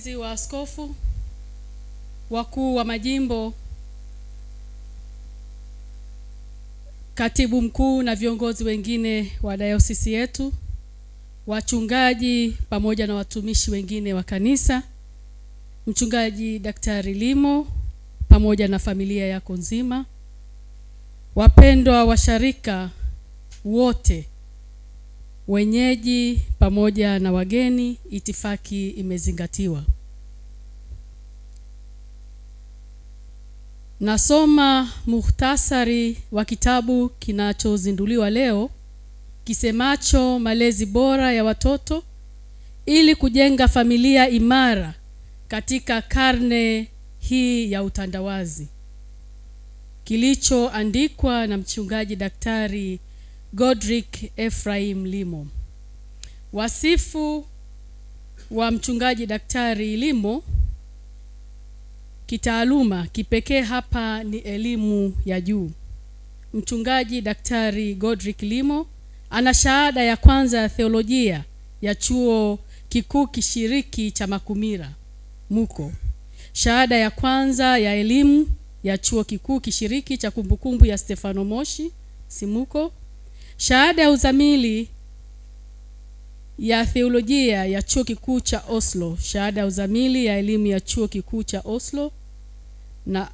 wasaidizi wa askofu, wakuu wa majimbo, katibu mkuu na viongozi wengine wa dayosisi yetu, wachungaji pamoja na watumishi wengine wa kanisa, mchungaji Daktari Limo pamoja na familia yako nzima, wapendwa washarika wote wenyeji pamoja na wageni, itifaki imezingatiwa. Nasoma muhtasari wa kitabu kinachozinduliwa leo kisemacho Malezi Bora ya Watoto ili kujenga familia imara katika karne hii ya utandawazi, kilichoandikwa na mchungaji daktari Godrick Ephraim Limo. Wasifu wa mchungaji daktari Limo kitaaluma kipekee hapa ni elimu ya juu. Mchungaji daktari Godrick Limo ana shahada ya kwanza ya theolojia ya chuo kikuu kishiriki cha Makumira Muko, shahada ya kwanza ya elimu ya chuo kikuu kishiriki cha kumbukumbu ya Stefano Moshi Simuko, Shahada ya uzamili ya theolojia ya chuo kikuu cha Oslo, shahada ya uzamili ya elimu ya chuo kikuu cha Oslo na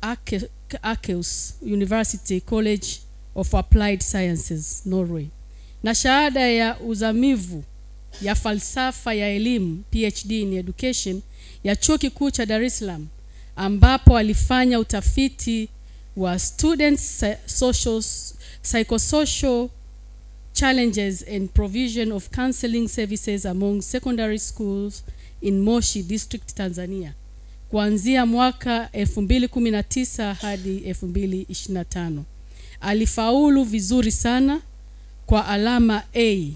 Ake, Akeus University College of Applied Sciences Norway, na shahada ya uzamivu ya falsafa ya elimu PhD in Education ya chuo kikuu cha Dar es Salaam, ambapo alifanya utafiti wa students eh, social psychosocial challenges and provision of counseling services among secondary schools in Moshi District, Tanzania kuanzia mwaka 2019 hadi 2025. Alifaulu vizuri sana kwa alama A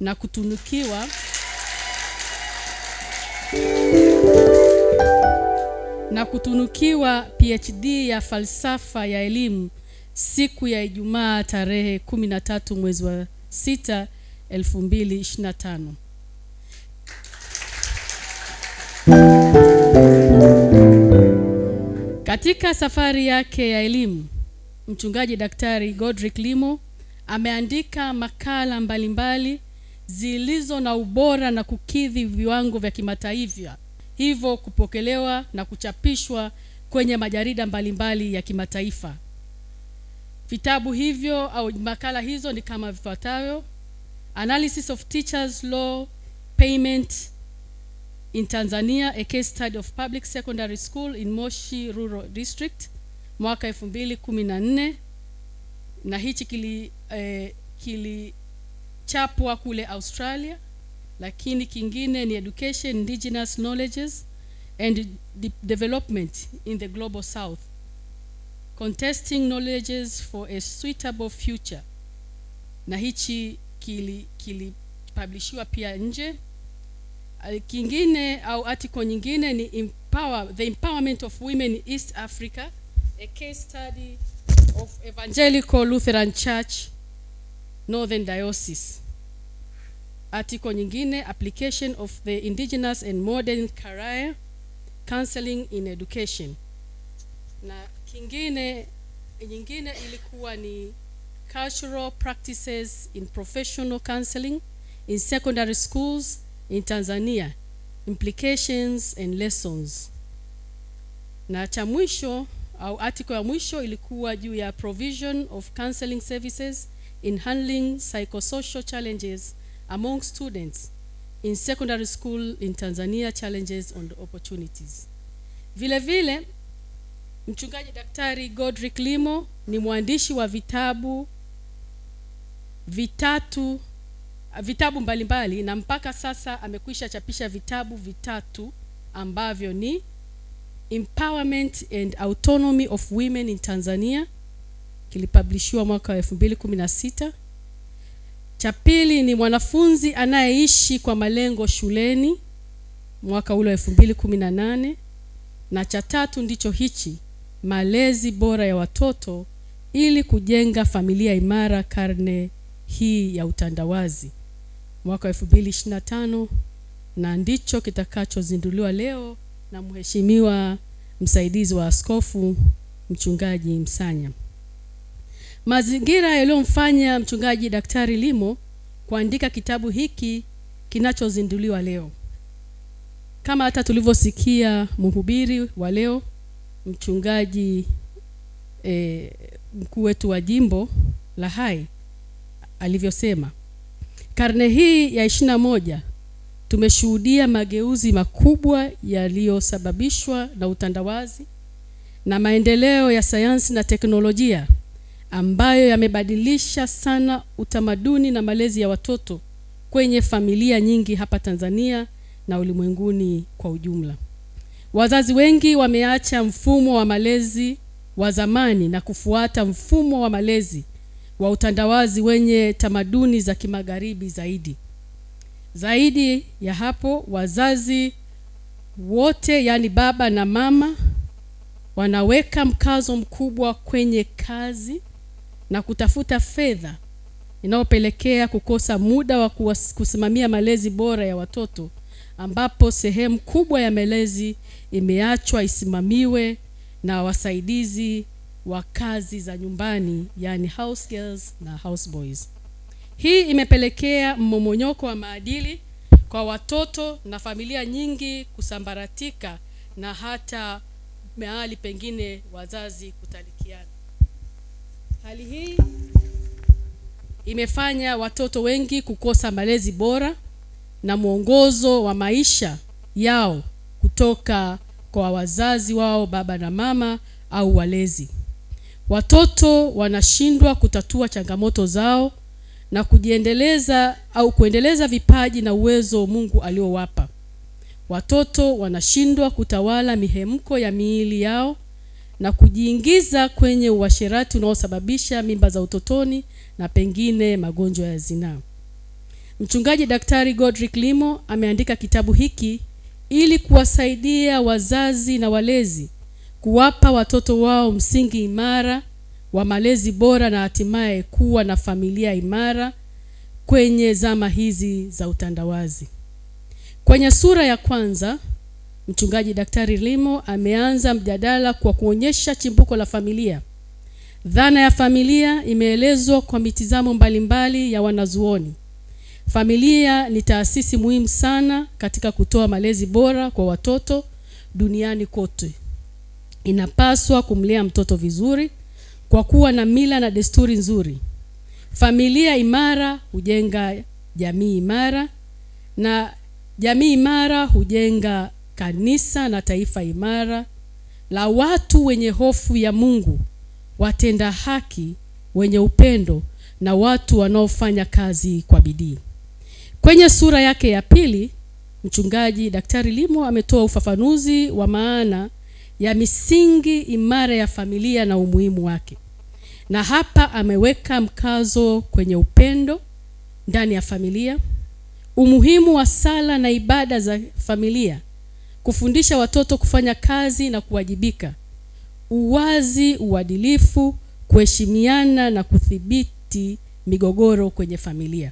na kutunukiwa na kutunukiwa PhD ya falsafa ya elimu siku ya Ijumaa tarehe 13 mwezi wa 6 2025. Katika safari yake ya elimu, Mchungaji Daktari Godrick Limo ameandika makala mbalimbali zilizo na ubora na kukidhi viwango vya kimataifa, hivyo kupokelewa na kuchapishwa kwenye majarida mbalimbali ya kimataifa. Vitabu hivyo au makala hizo ni kama vifuatavyo: Analysis of Teachers Law Payment in Tanzania, a case study of public secondary school in Moshi Rural District mwaka 2014 na hichi kili eh, kilichapwa kule Australia. Lakini kingine ni Education Indigenous Knowledges and de Development in the Global South contesting knowledges for a suitable future, na hichi kilipublishiwa kili pia nje. Kingine au article nyingine ni empower, the empowerment of women in East Africa, a case study of Evangelical Lutheran Church Northern Diocese. Article nyingine application of the indigenous and modern career counseling in education na Kingine nyingine ilikuwa ni cultural practices in professional counseling in secondary schools in Tanzania implications and lessons. Na cha mwisho au article ya mwisho ilikuwa juu ya provision of counseling services in handling psychosocial challenges among students in secondary school in Tanzania challenges and opportunities. Vile vile Mchungaji Daktari Godrick Limo ni mwandishi wa vitabu vitatu vitabu mbalimbali mbali, na mpaka sasa amekwisha chapisha vitabu vitatu ambavyo ni Empowerment and Autonomy of Women in Tanzania kilipublishiwa mwaka wa 2016. Cha pili ni mwanafunzi anayeishi kwa malengo shuleni mwaka ule wa 2018 na cha tatu ndicho hichi malezi bora ya watoto ili kujenga familia imara karne hii ya utandawazi mwaka 2025 na ndicho kitakachozinduliwa leo na Mheshimiwa msaidizi wa askofu Mchungaji Msanya. Mazingira yaliyomfanya Mchungaji Daktari Limo kuandika kitabu hiki kinachozinduliwa leo, kama hata tulivyosikia mhubiri wa leo mchungaji e, mkuu wetu wa jimbo la Hai alivyosema, karne hii ya ishirini na moja tumeshuhudia mageuzi makubwa yaliyosababishwa na utandawazi na maendeleo ya sayansi na teknolojia ambayo yamebadilisha sana utamaduni na malezi ya watoto kwenye familia nyingi hapa Tanzania na ulimwenguni kwa ujumla. Wazazi wengi wameacha mfumo wa malezi wa zamani na kufuata mfumo wa malezi wa utandawazi wenye tamaduni za kimagharibi zaidi. Zaidi ya hapo, wazazi wote yaani baba na mama wanaweka mkazo mkubwa kwenye kazi na kutafuta fedha inayopelekea kukosa muda wa kusimamia malezi bora ya watoto ambapo sehemu kubwa ya malezi imeachwa isimamiwe na wasaidizi wa kazi za nyumbani, yani house girls na house boys. Hii imepelekea mmomonyoko wa maadili kwa watoto na familia nyingi kusambaratika na hata mahali pengine wazazi kutalikiana. Hali hii imefanya watoto wengi kukosa malezi bora na mwongozo wa maisha yao kutoka kwa wazazi wao, baba na mama au walezi. Watoto wanashindwa kutatua changamoto zao na kujiendeleza au kuendeleza vipaji na uwezo Mungu aliowapa. Watoto wanashindwa kutawala mihemko ya miili yao na kujiingiza kwenye uasherati unaosababisha mimba za utotoni na pengine magonjwa ya zinaa. Mchungaji Daktari Godrick Limo ameandika kitabu hiki ili kuwasaidia wazazi na walezi kuwapa watoto wao msingi imara wa malezi bora na hatimaye kuwa na familia imara kwenye zama hizi za utandawazi. Kwenye sura ya kwanza, mchungaji Daktari Limo ameanza mjadala kwa kuonyesha chimbuko la familia. Dhana ya familia imeelezwa kwa mitizamo mbalimbali ya wanazuoni Familia ni taasisi muhimu sana katika kutoa malezi bora kwa watoto duniani kote. Inapaswa kumlea mtoto vizuri kwa kuwa na mila na desturi nzuri. Familia imara hujenga jamii imara na jamii imara hujenga kanisa na taifa imara la watu wenye hofu ya Mungu, watenda haki, wenye upendo na watu wanaofanya kazi kwa bidii. Kwenye sura yake ya pili, mchungaji Daktari Limo ametoa ufafanuzi wa maana ya misingi imara ya familia na umuhimu wake, na hapa ameweka mkazo kwenye upendo ndani ya familia, umuhimu wa sala na ibada za familia, kufundisha watoto kufanya kazi na kuwajibika, uwazi, uadilifu, kuheshimiana na kudhibiti migogoro kwenye familia.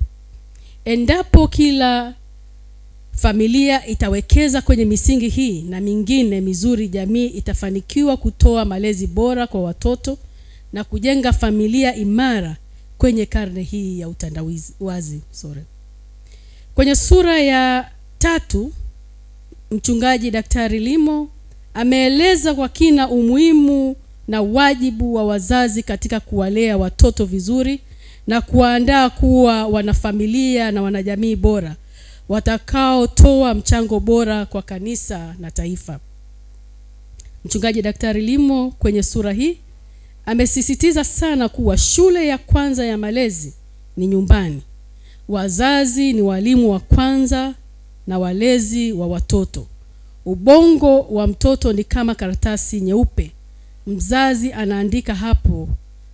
Endapo kila familia itawekeza kwenye misingi hii na mingine mizuri, jamii itafanikiwa kutoa malezi bora kwa watoto na kujenga familia imara kwenye karne hii ya utandawazi. Sorry. Kwenye sura ya tatu, Mchungaji Daktari Limo ameeleza kwa kina umuhimu na wajibu wa wazazi katika kuwalea watoto vizuri na kuwaandaa kuwa wanafamilia na wanajamii bora watakaotoa mchango bora kwa kanisa na taifa. Mchungaji Daktari Limo kwenye sura hii amesisitiza sana kuwa shule ya kwanza ya malezi ni nyumbani. Wazazi ni walimu wa kwanza na walezi wa watoto. Ubongo wa mtoto ni kama karatasi nyeupe. Mzazi anaandika hapo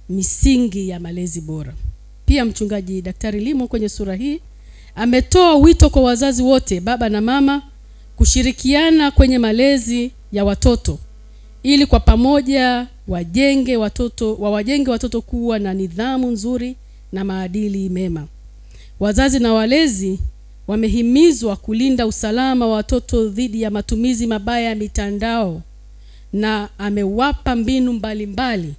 misingi ya malezi bora pia mchungaji daktari Limo kwenye sura hii ametoa wito kwa wazazi wote, baba na mama, kushirikiana kwenye malezi ya watoto ili kwa pamoja wajenge watoto wa wajenge watoto kuwa na nidhamu nzuri na maadili mema. Wazazi na walezi wamehimizwa kulinda usalama wa watoto dhidi ya matumizi mabaya ya mitandao na amewapa mbinu mbalimbali mbali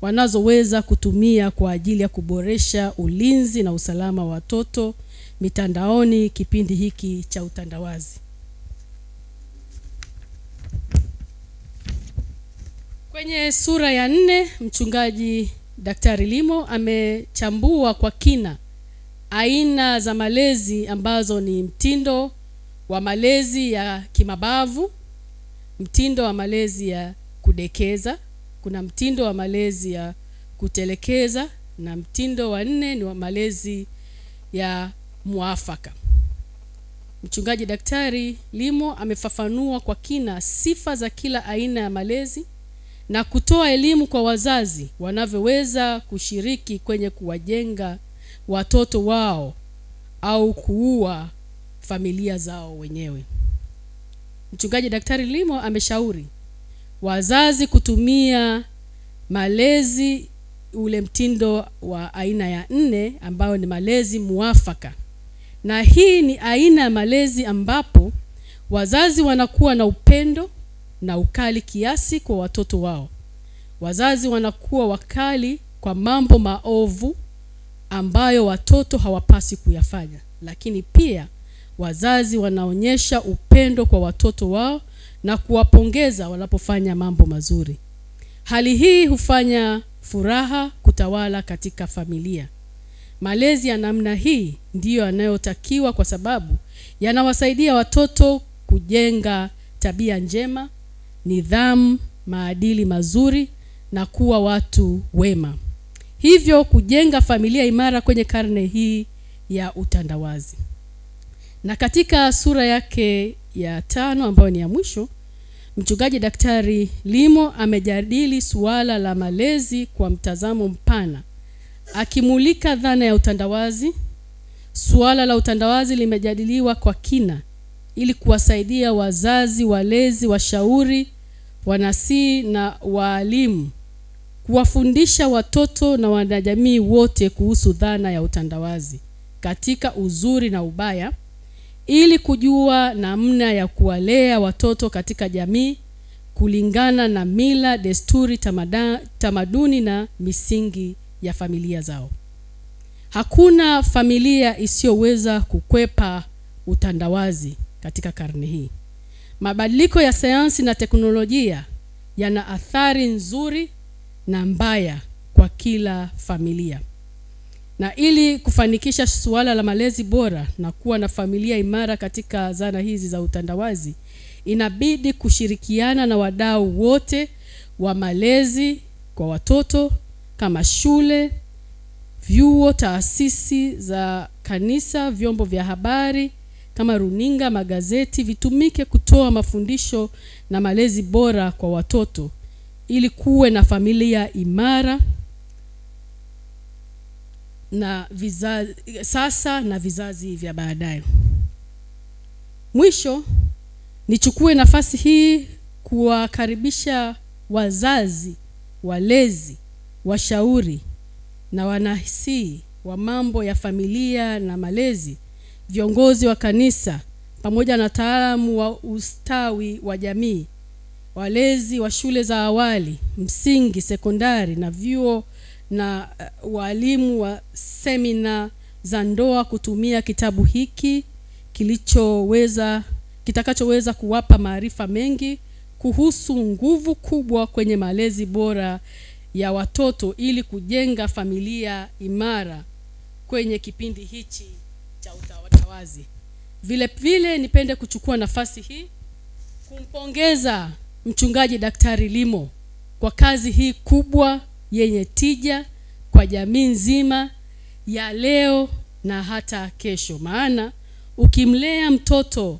wanazoweza kutumia kwa ajili ya kuboresha ulinzi na usalama wa watoto mitandaoni kipindi hiki cha utandawazi. Kwenye sura ya nne, mchungaji Daktari Limo amechambua kwa kina aina za malezi ambazo ni mtindo wa malezi ya kimabavu, mtindo wa malezi ya kudekeza, kuna mtindo wa malezi ya kutelekeza na mtindo wa nne ni wa malezi ya mwafaka. Mchungaji Daktari Limo amefafanua kwa kina sifa za kila aina ya malezi na kutoa elimu kwa wazazi wanavyoweza kushiriki kwenye kuwajenga watoto wao au kuua familia zao wenyewe. Mchungaji Daktari Limo ameshauri wazazi kutumia malezi ule mtindo wa aina ya nne ambayo ni malezi muafaka, na hii ni aina ya malezi ambapo wazazi wanakuwa na upendo na ukali kiasi kwa watoto wao. Wazazi wanakuwa wakali kwa mambo maovu ambayo watoto hawapasi kuyafanya, lakini pia wazazi wanaonyesha upendo kwa watoto wao na kuwapongeza wanapofanya mambo mazuri. Hali hii hufanya furaha kutawala katika familia. Malezi ya namna hii ndiyo yanayotakiwa kwa sababu yanawasaidia watoto kujenga tabia njema, nidhamu, maadili mazuri na kuwa watu wema. Hivyo kujenga familia imara kwenye karne hii ya utandawazi. Na katika sura yake ya tano ambayo ni ya mwisho, mchungaji Daktari Limo amejadili suala la malezi kwa mtazamo mpana, akimulika dhana ya utandawazi. Suala la utandawazi limejadiliwa kwa kina ili kuwasaidia wazazi, walezi, washauri, wanasii na waalimu kuwafundisha watoto na wanajamii wote kuhusu dhana ya utandawazi katika uzuri na ubaya ili kujua namna ya kuwalea watoto katika jamii kulingana na mila, desturi, tamada, tamaduni na misingi ya familia zao. Hakuna familia isiyoweza kukwepa utandawazi katika karne hii. Mabadiliko ya sayansi na teknolojia yana athari nzuri na mbaya kwa kila familia na ili kufanikisha suala la malezi bora na kuwa na familia imara katika zana hizi za utandawazi, inabidi kushirikiana na wadau wote wa malezi kwa watoto kama shule, vyuo, taasisi za kanisa, vyombo vya habari kama runinga, magazeti vitumike kutoa mafundisho na malezi bora kwa watoto ili kuwe na familia imara na vizazi, sasa na vizazi vya baadaye. Mwisho, nichukue nafasi hii kuwakaribisha wazazi, walezi, washauri na wanasihi wa mambo ya familia na malezi, viongozi wa kanisa pamoja na wataalamu wa ustawi wa jamii, walezi wa shule za awali, msingi, sekondari na vyuo na eh, waalimu wa semina za ndoa kutumia kitabu hiki kilichoweza kitakachoweza kuwapa maarifa mengi kuhusu nguvu kubwa kwenye malezi bora ya watoto ili kujenga familia imara kwenye kipindi hichi cha utawazi. Vile vile nipende kuchukua nafasi hii kumpongeza mchungaji Daktari Limo kwa kazi hii kubwa yenye tija kwa jamii nzima ya leo na hata kesho. Maana ukimlea mtoto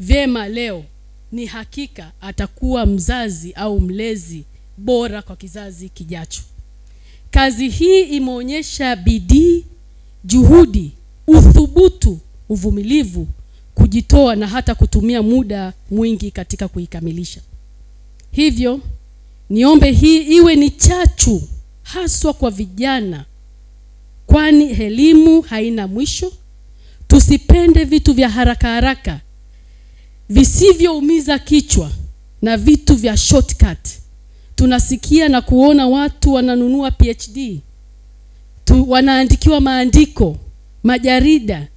vyema leo, ni hakika atakuwa mzazi au mlezi bora kwa kizazi kijacho. Kazi hii imeonyesha bidii, juhudi, uthubutu, uvumilivu, kujitoa na hata kutumia muda mwingi katika kuikamilisha. Hivyo Niombe hii iwe ni chachu haswa kwa vijana, kwani elimu haina mwisho. Tusipende vitu vya haraka haraka visivyoumiza kichwa na vitu vya shortcut. Tunasikia na kuona watu wananunua PhD tu, wanaandikiwa maandiko majarida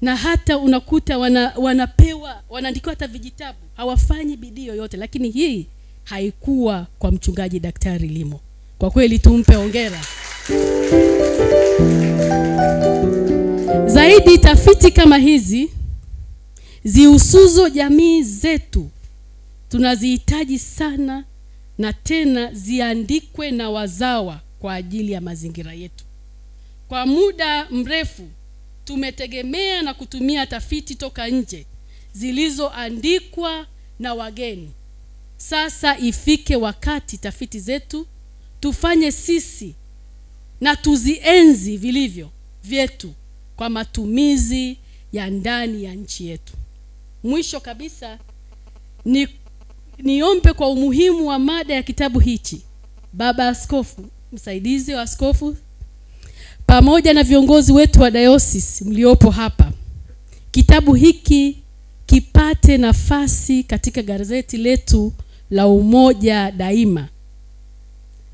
na hata unakuta wana, wanapewa wanaandikiwa hata vijitabu, hawafanyi bidii yoyote, lakini hii haikuwa kwa mchungaji Daktari Limo. Kwa kweli tumpe hongera. Zaidi tafiti kama hizi zihusuzo jamii zetu tunazihitaji sana, na tena ziandikwe na wazawa kwa ajili ya mazingira yetu. Kwa muda mrefu tumetegemea na kutumia tafiti toka nje zilizoandikwa na wageni sasa ifike wakati tafiti zetu tufanye sisi na tuzienzi vilivyo vyetu kwa matumizi ya ndani ya nchi yetu. Mwisho kabisa ni niombe kwa umuhimu wa mada ya kitabu hichi, baba askofu msaidizi wa askofu pamoja na viongozi wetu wa diocese mliopo hapa, kitabu hiki kipate nafasi katika gazeti letu la umoja daima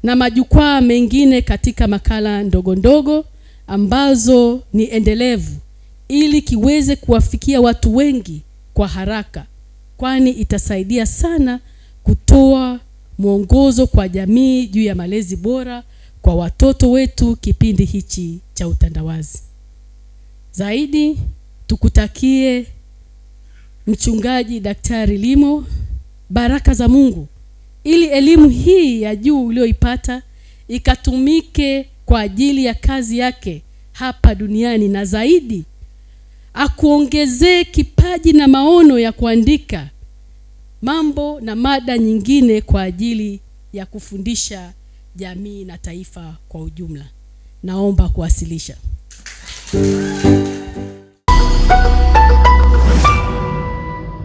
na majukwaa mengine katika makala ndogo ndogo ambazo ni endelevu ili kiweze kuwafikia watu wengi kwa haraka, kwani itasaidia sana kutoa mwongozo kwa jamii juu ya malezi bora kwa watoto wetu kipindi hichi cha utandawazi. Zaidi tukutakie mchungaji Daktari Limo baraka za Mungu ili elimu hii ya juu uliyoipata ikatumike kwa ajili ya kazi yake hapa duniani, na zaidi akuongezee kipaji na maono ya kuandika mambo na mada nyingine kwa ajili ya kufundisha jamii na taifa kwa ujumla. Naomba kuwasilisha.